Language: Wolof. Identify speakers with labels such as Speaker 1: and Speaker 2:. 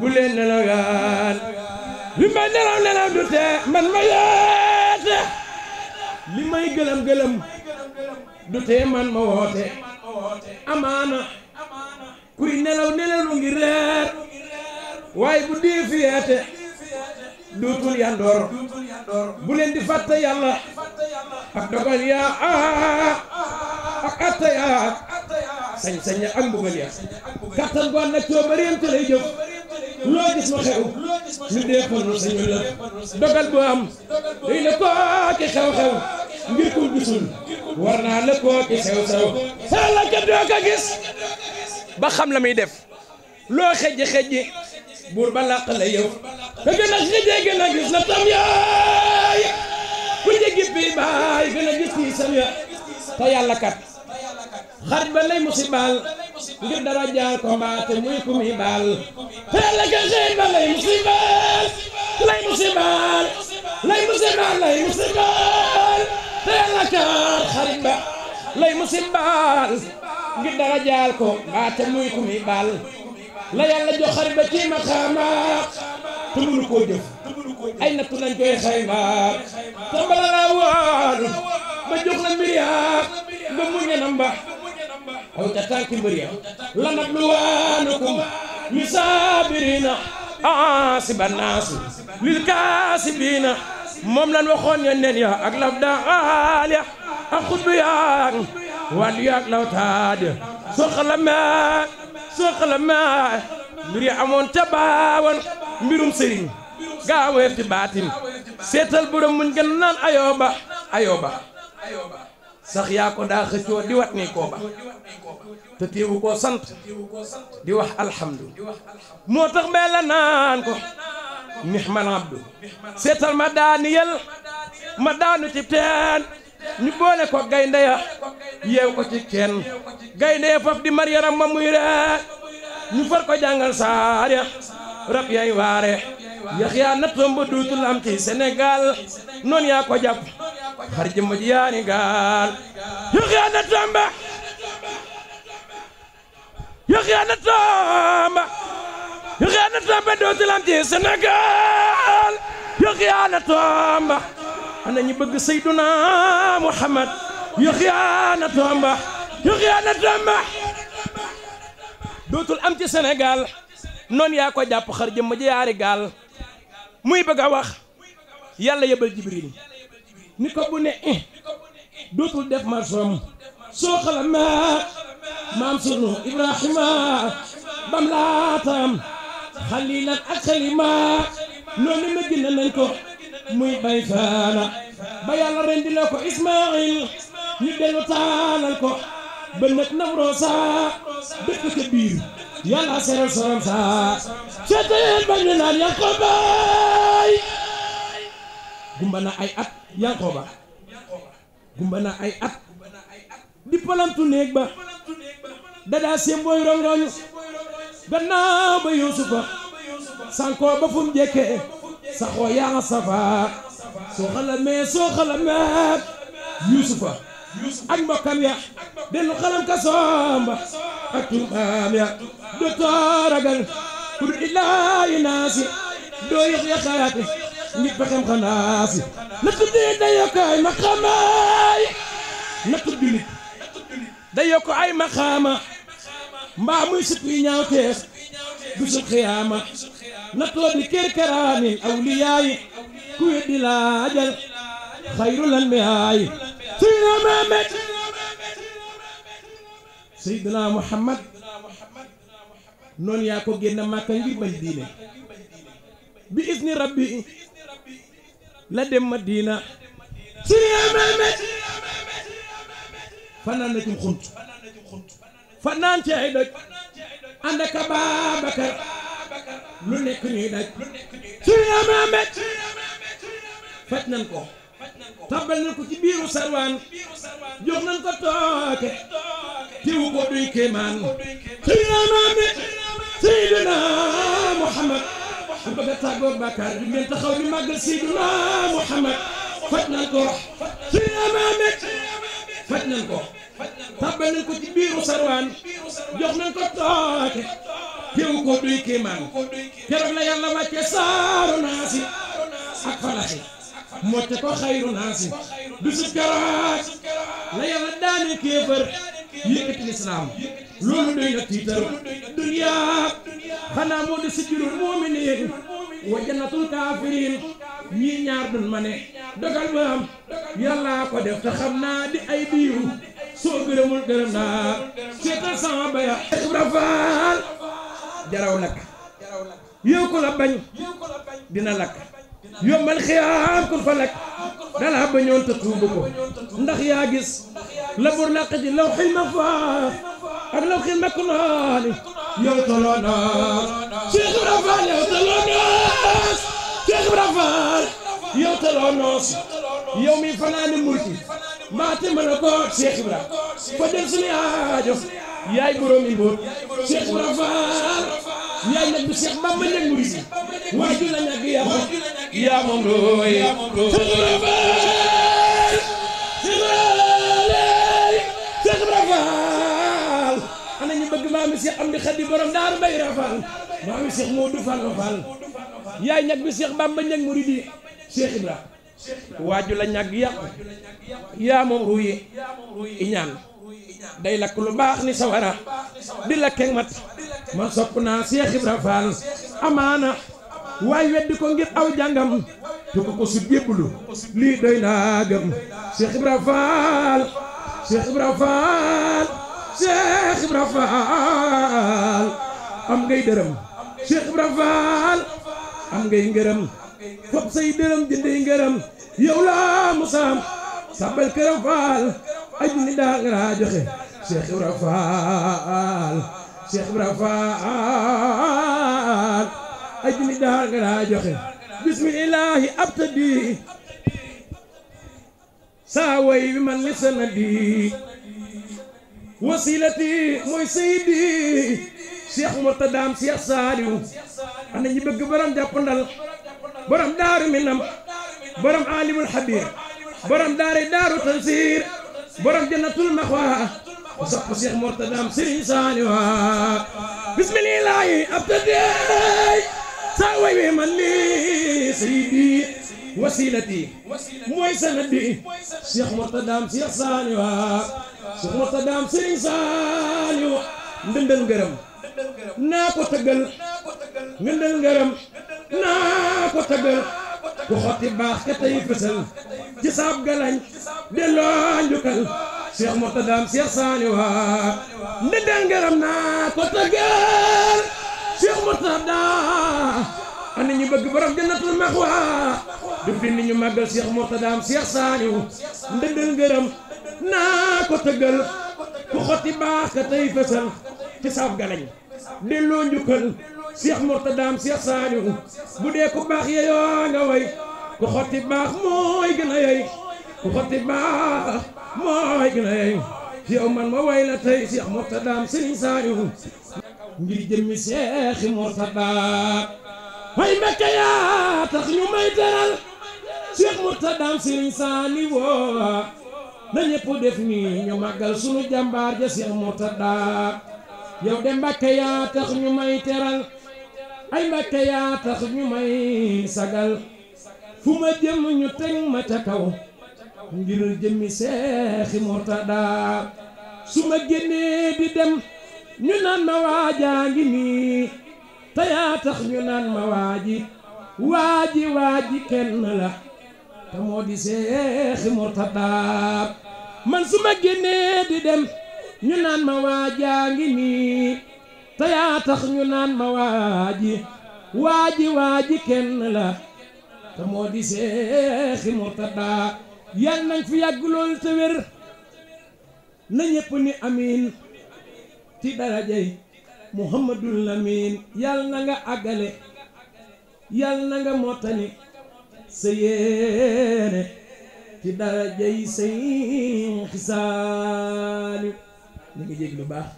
Speaker 1: bu leen nelagaan li may nelaw nelaw du man ma yeete li may gëlëm gëlëm du tee man ma woote amaana kuy nelaw nelalu ngi reer waaye bu dee yeete duutul yandoor bu leen di fàtte yàlla ak yaa atta yaa sañ-sañ ak mbugal yaa kattan gu ànd ak coobareem te lay jëf loo gis ma xew ñu dee ponul dogal bu am day la kooki xew-xew ngir ko gisul war naa la kooki xew-xew sala ka doo ko gis ba xam la muy def loo xejji xejji buur ba làq la yow te gën a xëjee gën a gis la tam ku njëgi bi baay gën a gis kii ya te yàlla kat xarit ba lay musibaal ngir dara jaar combattre muy ku muy baal te la ka xëy ba lay musibaal lay musibaal lay musibaal la ka xarit ba lay musibaal ngir dara jaar combattre muy ku muy baal la jox xarit ba ci maqaama te mënu koo jëf ay nattu lañ koy xayma te mbala laa woon ba jox la mbir ba mu ba aw ca tànki mbër ya lanab luwaanukum li saabirina aasiban naasi lil kaasibina moom lan waxoon yonneen ya ak laf daxaal ya ak xutbu yaag wàllu yaag law taad ya soo xalame soo xalame mbir ya amoon ca baawoon mbirum sëriñ gaaweef ci baatin seetal borom muñ gën naan ayooba ayooba sax yaa ko daa xëccoo di wat nii koo te téewu koo sant di wax alhamdu moo tax mbay la naan ko nihmal abdu seetal ma daaniyel ma daanu ci teen ñu boole ko gaynde ya yeew ko ci kenn gaynde ya faf di mar yaram ma muy ree ñu far ko jàngal saar ya rab yay waare yax yaa nattoom ba duutul am ci Sénégal noonu yaa ko jàpp har jemma jiyaani gaal yo xiyana tamba yo xiyana tamba ci Sénégal yo xiyana tamba bëgg Seyduna Muhammad yo xiyana tamba dootul am ci Sénégal noonu yaa ko jàpp xar jëmm ji yaari muy bëgg a wax yàlla yëbal Jibril ni ko bu ne eh dootul def marsom soo xala ma maam sunu ibrahima bam laatam xalilan ak xalima noonu ma gën nañ ko muy bay faala ba yàlla rendi la ko ismail ñu dellu taalal ko ba nag namroo sa dëkk ca biir yàlla seral sorom sa seeteen ba ñu naan yaa gumba na ay at yanqooba gumba na ay at di palantu néeg ba dadaa sémbooy rongoñu gannaaw ba yuusufa sankoo fum jekke saxoo yaa nga safaa soo xalamee soo xalamee yuusufa ak mbokkam ya dellu xalam ka somba ak tumbaam ya dootoo ragal pour illaahi naasi doo yëg ya xalaate nit ba xam xanaa nattu bi day yokk ay maxaamaay mbaa muy sukk yi ñaaw tees xiyaama nattoo bi kër karaani awliyaayi ku weddi laajal xayru lan mi aayi Seydina Muhammad Seydina Muhammad noonu yaa ko génn màkka ngir diine bi isni rabbi la dem Madina Sëriñ Ahmed fanaan na ci xunt fanaan ci ay lu nekk ñuy daj Sëriñ Ahmed faj ko tàbbal nañ ko sarwaan jox nañ ko tooke tiwu ko duy kéemaan Sëriñ Ahmed Seydina Muhammad bëgg a tàggoog bàkkaar bi ngeen taxaw di màggal Seydina Muhammad faj nañ ko ci amaameeg faj nañ ko tàbbal nañ ko ci biiru sarwaan jox nañ ko tooke teewu ko doy kéemaan keroog la yàlla wàcce saaru naasi ak falaxi mocce ko xayru naasi bisu keroog la yàlla daane kéefër yëkkati lislaam loolu doy na tiitar duniyaa xanaa moo di sijjurul muuminiin wa jannatul kaafiriin ñii ñaar dun ma ne dogal ba yàllaa ko def te xam naa di ay biiw soo gërëmul gërëm naa seetal sama baya rafaal jaraw nag yow ko la bañ dina lakk yombal xiyaam ku fa lekk dala ba ñoon te tuubu ko ndax yaa gis la bur làq ji law xil ma faal ak law xil ma kunaani yow toloonaas Cheikh Ibra Fall yow toloonaas Cheikh Ibra Fall yow toloonaas yow mi fanaani murti maa te mën a boot Cheikh Ibra fa jël suñu aajo yaay borom i mbóot Cheikh Ibra Fall yaay nag bi Cheikh Bamba njëg murti waaju la ñàkk yaa yaa moom looy yaa moom Faal Cheikh Ibra Faal Cheikh Ibra Faal ana ñu bëgg maami Cheikh Amdi Khadi borom daaru Mbay Rafaal maami Cheikh Modou Fall Rafaal yaay ñag bi Cheikh Bamba ñag muridi Cheikh Ibra waaju la ñag yàqu yaa moom ruuyi iñaan day lakk lu baax ni sawara di la keng mat man sopp naa Cheikh Ibra Faal amaana waaye weddi ko ngir aw jàngam te ko ko su lii doy naa gëm Cheikh Ibra Fall Cheikh Ibra Fall Cheikh Ibra Fall am ngay dërëm Cheikh Ibra Fall am ngay ngërëm fop say dërëm jëndee ngërëm yow laa musaam sàbbal këram Fall aju ni daa nga joxe Cheikh Ibra Fall Cheikh Ibra Fall ajmi daar nga daa joxe bismillaahi abtadi saa way bi man li sanadi wasilati mooy sayidi cheikh murtadaam cheikh saaliw ana ñi bëgg borom jàppandal borom daaru minam borom alimul xabir borom daare daaru tansiir borom jannatul maxwa sopp cheikh murtadaam sëriñ saaliw bismillaahi abtadi sa wee man lii sayidi wasilati mooy sanadi Cheikh Mourtadaam Cheikh Saliou Cheikh Mourtadaam Serigne Saliou ndëndal ngërëm naa ko tëggal ndëndal ngërëm naa ko xotti baax ka tey fësal ci saab galañ delloo njukkal Cheikh Mourtadaam Cheikh Saliou ndëndal ngërëm naa ko tëggal Murtada ana ñu bëgg borom jannatul maxwa du bind ñu màggal Cheikh Murtadaam Cheikh Saaliw ndëggal ngërëm naa ko tëggal ku xotti baax ka tey fësal ci saaf galañ delloo njukkal Cheikh Murtadaam Cheikh Saaliw bu dee ku baax yeyoo nga way ku xotti baax mooy gën a yey ku xotti baax mooy gën a yey yow man ma way la tey Cheikh Murtadaam Serigne Saaliw ngir jëmmi seexi Murtada way Mbakke yaa tax ñu may teral Seex Murtada Sëriñ Saaliw na ñëpp def nii ñu màggal sunu jàmbaar ja Seex Murtada yow de Mbakke yaa tax ñu may teral ay Mbakke yaa tax ñu may sagal fu ma jëm ñu teg ma ca kaw jëmmi seexi Murtada su ma génnee di dem ñu naan ma waajaa ngi nii te yaa tax ñu naan ma waaji waaji waaji kenn la te moo di seexi murtadaa man su génnee di dem ñu naan ma waajaa ngi nii te yaa tax ñu naan ma waaji waaji waaji kenn la te moo di seexi murtadaa yal nañ fi yàgg te wér na ñëpp ni amiin ci darajay muhammadul lamin yal na nga àggale yal na nga mottali sa yéene ci darajay say xisaali ñu ngi jég lu baax